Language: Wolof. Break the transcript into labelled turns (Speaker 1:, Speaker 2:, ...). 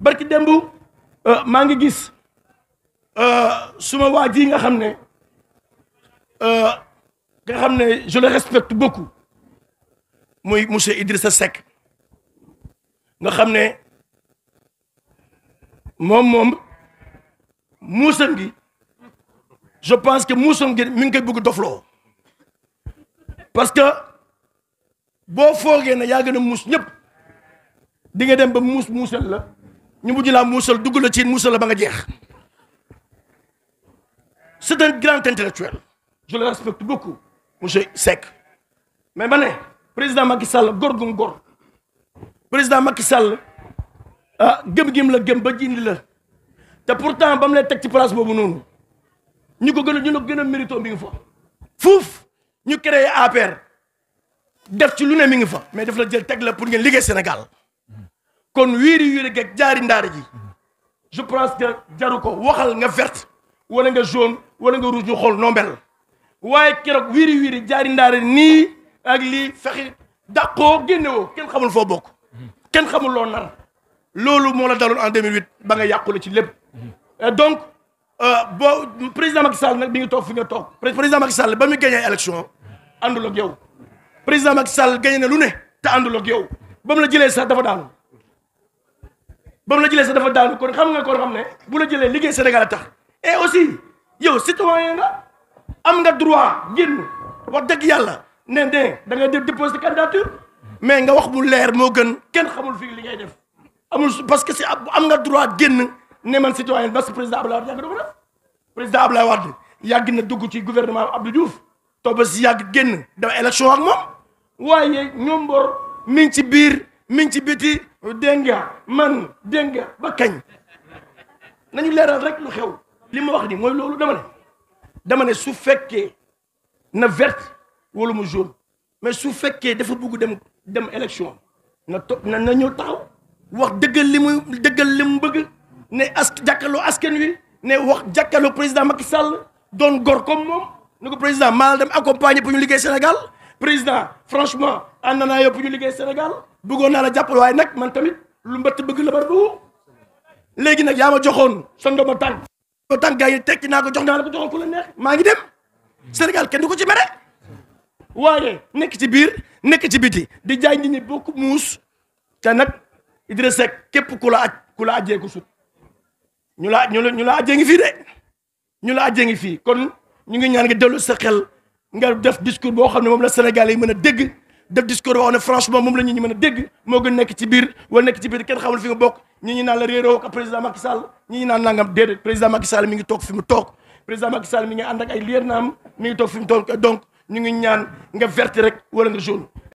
Speaker 1: barki euh maa ngi gis euh, suma waa nga xamné euh nga xamné je le respecte beaucoup moy monsieur Idrissa Seck nga xamné mom mom moom muusam gi je pense que muusam gi mi ngi koy bëgg doflo parce que bo foogee ne ya gëna a ñëpp di nga dem ba muus muusal la ñu mujj laa muusal dugg la ci muusal la ba nga jeex c'est un grand intellectuel je le respecte beaucoup monsieur Seck mais ma ne président Macky Sall góor gum góor président Macky Sall ah gëm-gëm la gëm ba jindi la te pourtant ba mu lay teg ci place boobu noonu ñu ko gën a ñu ko gën a mérito mi ngi fa fuuf ñu créé APR def ci lu ne mi ngi fa mais daf la jël teg la pour ngeen ligue Sénégal kon wiiri wiiri geeg jaari ndaari ji je pense que jaru ko waxal nga verte wala nga jaune wala nga rouge ñu xool nombel waaye keroog wiiri wiiri jaari ndaari nii ak lii fexe dàqoo génne woo kenn xamul foo bokk kenn xamul loo loolu moo la daloon en 2008 ba nga yàqule ci lépp donc euh, boo président Macky Sall nag bi ngi toog fi nga toog président Macky Sall ba mu gagné élection àndul ak yow président Macky Sall gagné na lu ne te àndul ak yow ba mu la jëlee sa dafa daanu ba mu la jëlee sa dafa daanu kon xam nga kon xam ne bu la jëlee liggéey Sénégal a tax aussi yow citoyen nga am nga droit génn wax dëgg yàlla ne de da nga def déposer candidature mais nga wax bu leer moo gën kenn xamul fii li ngay def amul parce que si am nga droit génn ne man citoyen parce que président Abdoulaye la yàgg na ko def président Abdoulaye Wade yàgg na dugg ci gouvernement Abdou Diouf toog ba si yàgg génn dafa élection ak moom waaye ñoom Mbor mi ci biir. minci man Dengue, nga nañu leral rek lu xew wax dama ne dama ne su na jaune mais su dafa dem dem élection na to na wax limu bëgg ne as jakkalo asken wi ne wax jakkalo président Macky Sall gor comme président Mal dem accompagner pour ñu président franchement ànd naa yow pour ñu liggéey Sénégal bëggoon na la jàppale way nak man tamit lu mbëtt bëgg la barbu légui nak nag joxone sa ndomo tànk ko tànk gaay yi na ko jox na la ko joxoon ko la neex ma ngi dem Sénégal kenn du ko ci méré waaye nek ci biir nek ci biti di jaay nit ñi bokku muus te nak Idrissa Seck képp ku la aj ku la ajé ko sut ñu la ñu la ajé ngi fi dé ñu la ajé ngi fi kon ñu ngi ñaan nga delu sa xel nga def discours boo xam ne moom la Sénégalais yi mën a dégg def discours boo xam ne franchement moom la ñu mën a dégg moo gën nekk ci biir wala nekk ci biir kenn xamul fi nga bokk ñi ñu naan la réeroo ak président Macky Sall ñi naan nangam déedéet président Macky Sall mi ngi toog fi mu toog président Macky Sall mi ay lier naam mi ngi toog donc ñu ngi ñaan nga verte rek wala nga jaune